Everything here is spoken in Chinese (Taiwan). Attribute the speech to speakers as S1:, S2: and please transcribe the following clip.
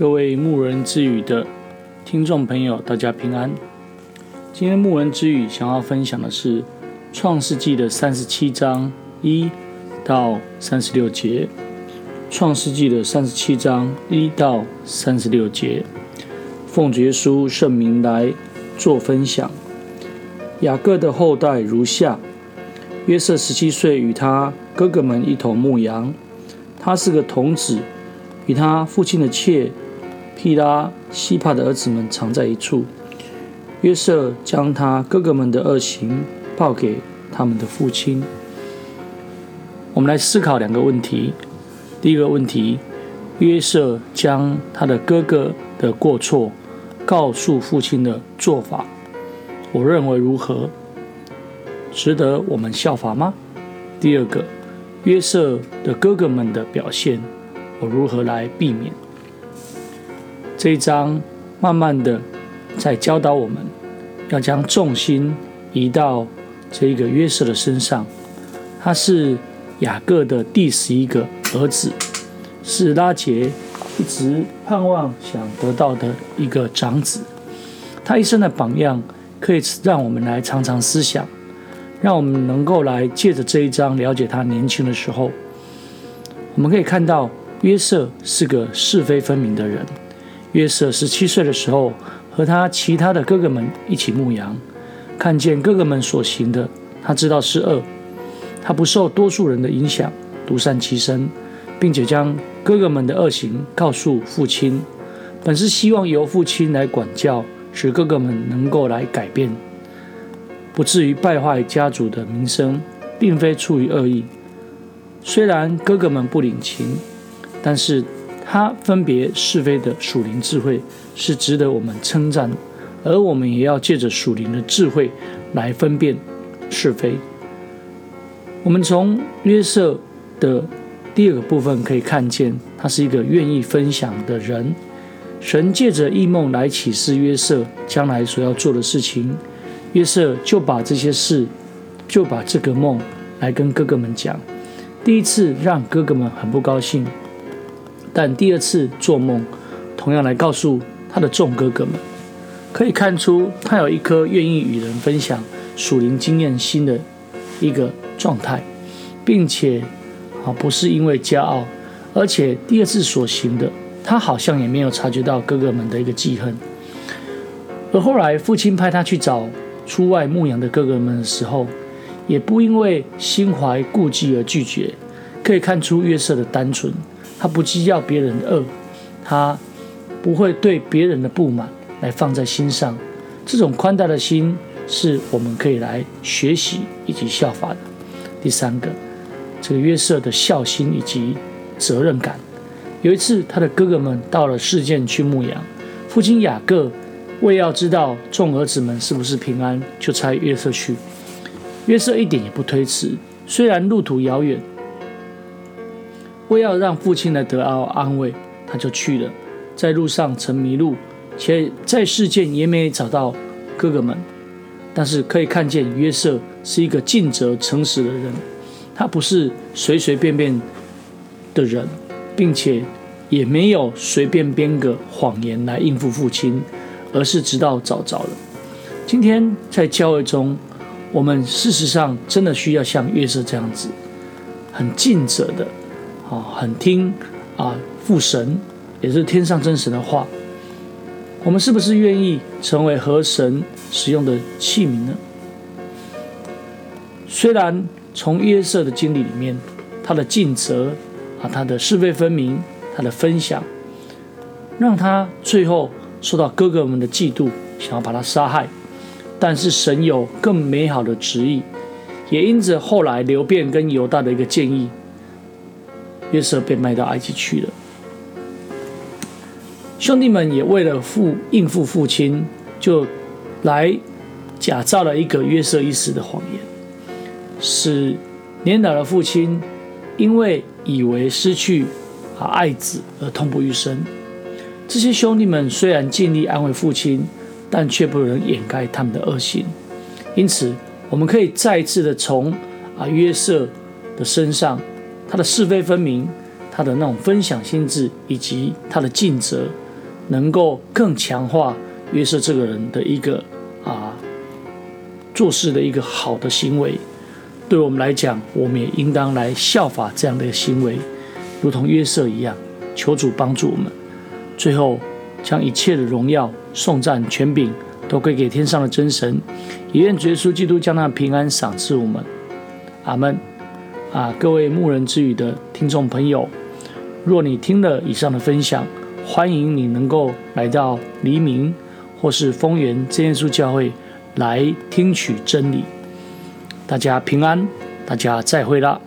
S1: 各位牧人之語的聽眾朋友，大家平安。今天牧人之語想要分享的是創的《創世紀》的三十七章一到三十六節，《創世紀》的三十七章一到三十六節，奉耶穌聖名來做分享。雅各的後代如下：約瑟十七歲，與他哥哥們一同牧羊。他是個童子，與他父親的妾，皮拉西帕的兒子們藏在一處，約瑟將他哥哥們的惡行報給他們的父親。我們來思考兩個問題：第一個問題，約瑟將他的哥哥的過錯告訴父親的做法，我認為如何？值得我們效法嗎？第二個，約瑟的哥哥們的表現，我如何來避免？這一章慢慢的在教導我們，要將重心移到這一個約瑟的身上。他是雅各的第十一個兒子，是拉結一直盼望想得到的一個長子。他一生的榜樣可以讓我們來常常思想，讓我們能夠來借着這一章了解他年輕的時候。我們可以看到約瑟是個是非分明的人。約瑟十七歲的時候，和他其他的哥哥們一起牧羊，看見哥哥們所行的，他知道是惡，他不受多數人的影響，獨善其身，並且將哥哥們的惡行告訴父親，本是希望由父親來管教，使哥哥們能夠來改變，不至於敗壞家族的名聲，並非出於惡意。雖然哥哥們不領情，但是。他分別是非的屬靈智慧是值得我們稱讚，而我們也要借着屬靈的智慧來分辨是非。我們從約瑟的第二個部分可以看見，他是一個願意分享的人。神借着異夢來啟示約瑟將來所要做的事情，約瑟就把這些事，就把這個夢來跟哥哥們講。第一次讓哥哥們很不高興。但第二次做夢，同樣來告訴他的眾哥哥們，可以看出他有一顆願意與人分享屬靈經驗心的一個狀態，並且啊，不是因為驕傲，而且第二次所行的，他好像也沒有察覺到哥哥們的一個記恨。而後來父親派他去找出外牧羊的哥哥們的時候，也不因為心懷顧忌而拒絕，可以看出約瑟的單純。他不計較別人的惡，他不會對別人的不滿來放在心上。這種寬大的心是我們可以來學習以及效法的。第三個，這個約瑟的孝心以及責任感。有一次，他的哥哥們到了示劍去牧羊，父親雅各為要知道眾兒子們是不是平安，就差約瑟去。約瑟一點也不推辭，雖然路途遙遠。為要讓父親來得到安慰，他就去了。在路上曾迷路，且在事件也沒找到哥哥們。但是可以看見約瑟是一個盡責誠實的人，他不是隨隨便便的人，並且也沒有隨便編個謊言來應付父親，而是直到找着了。今天在教會中，我們事實上真的需要像約瑟這樣子，很盡責的。啊，很聽啊父神，也是天上真神的話。我們是不是願意成為合神使用的器皿呢？雖然從約瑟的經歷裡面，他的盡責啊，他的是非分明，他的分享，讓他最後受到哥哥們的嫉妒，想要把他殺害。但是神有更美好的旨意，也因此後來流便跟猶大的一個建議。約瑟被賣到埃及去了。兄弟們也為了父應付父親，就來假造了一個約瑟已死的謊言，使年老的父親因為以為失去啊愛子而痛不欲生。這些兄弟們雖然盡力安慰父親，但卻不能掩蓋他們的惡行。因此，我們可以再一次的從啊約瑟的身上。他的是非分明，他的那種分享心智，以及他的盡責，能夠更強化約瑟這個人的一個啊做事的一個好的行為。對我們來講，我們也應當來效法這樣的行為，如同約瑟一樣。求主幫助我們，最後將一切的榮耀、頌讚、權柄都歸給天上的真神。也願耶穌基督將那平安賞賜我們。阿門。啊，各位牧人之語的聽眾朋友，若你聽了以上的分享，歡迎你能夠來到黎明或是豐原真耶穌教會來聽取真理。大家平安，大家再會了。